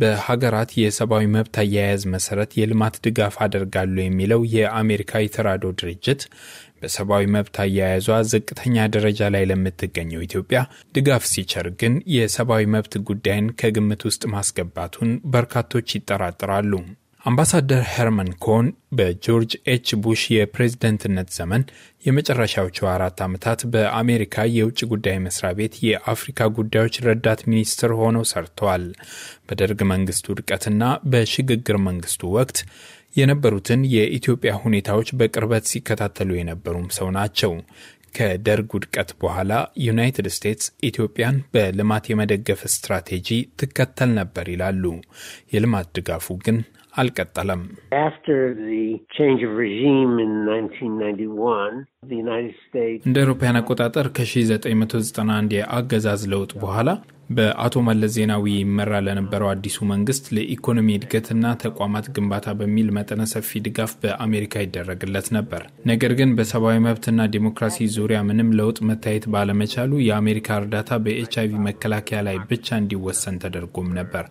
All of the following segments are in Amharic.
በሀገራት የሰብአዊ መብት አያያዝ መሰረት የልማት ድጋፍ አደርጋሉ የሚለው የአሜሪካ የተራድኦ ድርጅት በሰብአዊ መብት አያያዟ ዝቅተኛ ደረጃ ላይ ለምትገኘው ኢትዮጵያ ድጋፍ ሲቸር ግን የሰብአዊ መብት ጉዳይን ከግምት ውስጥ ማስገባቱን በርካቶች ይጠራጥራሉ። አምባሳደር ሄርመን ኮን በጆርጅ ኤች ቡሽ የፕሬዝደንትነት ዘመን የመጨረሻዎቹ አራት ዓመታት በአሜሪካ የውጭ ጉዳይ መስሪያ ቤት የአፍሪካ ጉዳዮች ረዳት ሚኒስትር ሆነው ሰርተዋል። በደርግ መንግስቱ ውድቀትና በሽግግር መንግስቱ ወቅት የነበሩትን የኢትዮጵያ ሁኔታዎች በቅርበት ሲከታተሉ የነበሩም ሰው ናቸው። ከደርግ ውድቀት በኋላ ዩናይትድ ስቴትስ ኢትዮጵያን በልማት የመደገፍ ስትራቴጂ ትከተል ነበር ይላሉ። የልማት ድጋፉ ግን አልቀጠለም። እንደ አውሮፓውያን አቆጣጠር ከ1991 የአገዛዝ ለውጥ በኋላ በአቶ መለስ ዜናዊ ይመራ ለነበረው አዲሱ መንግስት ለኢኮኖሚ እድገትና ተቋማት ግንባታ በሚል መጠነ ሰፊ ድጋፍ በአሜሪካ ይደረግለት ነበር። ነገር ግን በሰብአዊ መብትና ዴሞክራሲ ዙሪያ ምንም ለውጥ መታየት ባለመቻሉ የአሜሪካ እርዳታ በኤች አይቪ መከላከያ ላይ ብቻ እንዲወሰን ተደርጎም ነበር።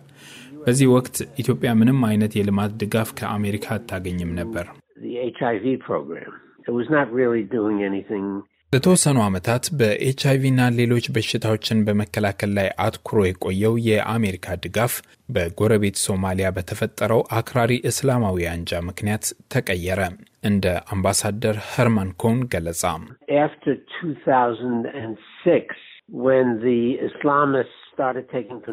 በዚህ ወቅት ኢትዮጵያ ምንም አይነት የልማት ድጋፍ ከአሜሪካ አታገኝም ነበር። ለተወሰኑ ዓመታት በኤች አይቪና ሌሎች በሽታዎችን በመከላከል ላይ አትኩሮ የቆየው የአሜሪካ ድጋፍ በጎረቤት ሶማሊያ በተፈጠረው አክራሪ እስላማዊ አንጃ ምክንያት ተቀየረ። እንደ አምባሳደር ሄርማን ኮን ገለጻ፣ ኤፍተር 2006 ወን ዘ ኢስላሚስት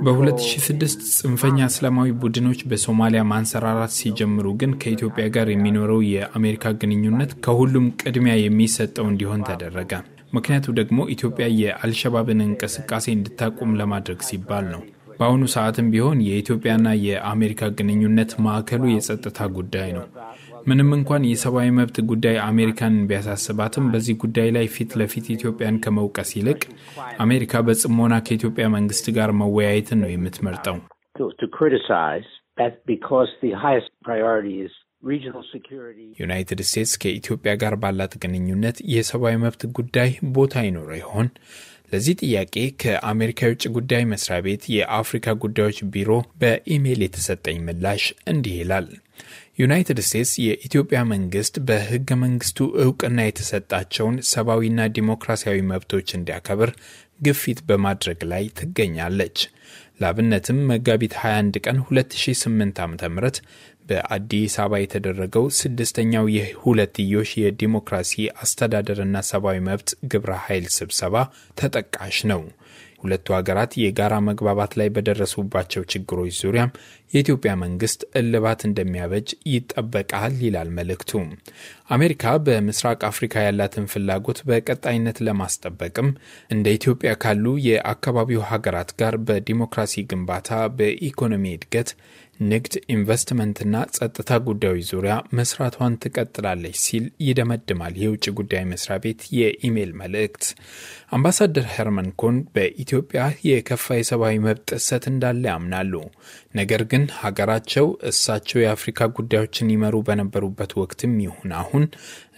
በ2006 ጽንፈኛ እስላማዊ ቡድኖች በሶማሊያ ማንሰራራት ሲጀምሩ ግን ከኢትዮጵያ ጋር የሚኖረው የአሜሪካ ግንኙነት ከሁሉም ቅድሚያ የሚሰጠው እንዲሆን ተደረገ። ምክንያቱ ደግሞ ኢትዮጵያ የአልሸባብን እንቅስቃሴ እንድታቆም ለማድረግ ሲባል ነው። በአሁኑ ሰዓትም ቢሆን የኢትዮጵያና የአሜሪካ ግንኙነት ማዕከሉ የጸጥታ ጉዳይ ነው። ምንም እንኳን የሰብአዊ መብት ጉዳይ አሜሪካን ቢያሳስባትም በዚህ ጉዳይ ላይ ፊት ለፊት ኢትዮጵያን ከመውቀስ ይልቅ አሜሪካ በጽሞና ከኢትዮጵያ መንግስት ጋር መወያየትን ነው የምትመርጠው። ዩናይትድ ስቴትስ ከኢትዮጵያ ጋር ባላት ግንኙነት የሰብአዊ መብት ጉዳይ ቦታ ይኖረው ይሆን? ለዚህ ጥያቄ ከአሜሪካ የውጭ ጉዳይ መስሪያ ቤት የአፍሪካ ጉዳዮች ቢሮ በኢሜይል የተሰጠኝ ምላሽ እንዲህ ይላል። ዩናይትድ ስቴትስ የኢትዮጵያ መንግስት በህገ መንግስቱ እውቅና የተሰጣቸውን ሰብአዊና ዲሞክራሲያዊ መብቶች እንዲያከብር ግፊት በማድረግ ላይ ትገኛለች። ለአብነትም መጋቢት 21 ቀን 2008 ዓ ም በአዲስ አበባ የተደረገው ስድስተኛው የሁለትዮሽ የዲሞክራሲ አስተዳደርና ሰብአዊ መብት ግብረ ኃይል ስብሰባ ተጠቃሽ ነው። ሁለቱ ሀገራት የጋራ መግባባት ላይ በደረሱባቸው ችግሮች ዙሪያም የኢትዮጵያ መንግስት እልባት እንደሚያበጅ ይጠበቃል ይላል መልእክቱ። አሜሪካ በምስራቅ አፍሪካ ያላትን ፍላጎት በቀጣይነት ለማስጠበቅም እንደ ኢትዮጵያ ካሉ የአካባቢው ሀገራት ጋር በዲሞክራሲ ግንባታ፣ በኢኮኖሚ እድገት ንግድ፣ ኢንቨስትመንትና ጸጥታ ጉዳዮች ዙሪያ መስራቷን ትቀጥላለች ሲል ይደመድማል የውጭ ጉዳይ መስሪያ ቤት የኢሜይል መልእክት። አምባሳደር ሄርመን ኮን በኢትዮጵያ የከፋ የሰብአዊ መብት ጥሰት እንዳለ ያምናሉ። ነገር ግን ሀገራቸው እሳቸው የአፍሪካ ጉዳዮችን ይመሩ በነበሩበት ወቅትም ይሁን አሁን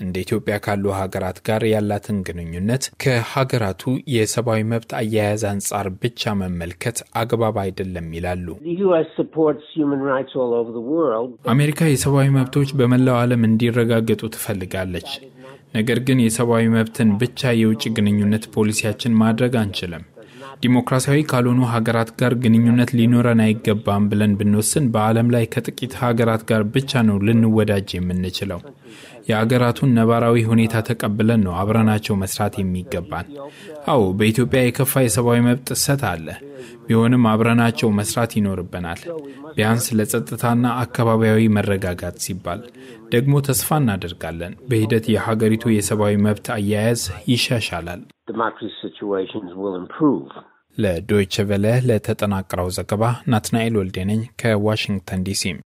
እንደ ኢትዮጵያ ካሉ ሀገራት ጋር ያላትን ግንኙነት ከሀገራቱ የሰብአዊ መብት አያያዝ አንጻር ብቻ መመልከት አግባብ አይደለም ይላሉ። አሜሪካ የሰብአዊ መብቶች በመላው ዓለም እንዲረጋገጡ ትፈልጋለች። ነገር ግን የሰብአዊ መብትን ብቻ የውጭ ግንኙነት ፖሊሲያችን ማድረግ አንችልም። ዲሞክራሲያዊ ካልሆኑ ሀገራት ጋር ግንኙነት ሊኖረን አይገባም ብለን ብንወስን በዓለም ላይ ከጥቂት ሀገራት ጋር ብቻ ነው ልንወዳጅ የምንችለው። የአገራቱን ነባራዊ ሁኔታ ተቀብለን ነው አብረናቸው መስራት የሚገባን። አዎ በኢትዮጵያ የከፋ የሰብአዊ መብት ጥሰት አለ። ቢሆንም አብረናቸው መስራት ይኖርብናል፣ ቢያንስ ለጸጥታና አካባቢያዊ መረጋጋት ሲባል። ደግሞ ተስፋ እናደርጋለን በሂደት የሀገሪቱ የሰብአዊ መብት አያያዝ ይሻሻላል። ለዶይቸ ቬለ ለተጠናቀረው ዘገባ ናትናኤል ወልዴነኝ ከዋሽንግተን ዲሲ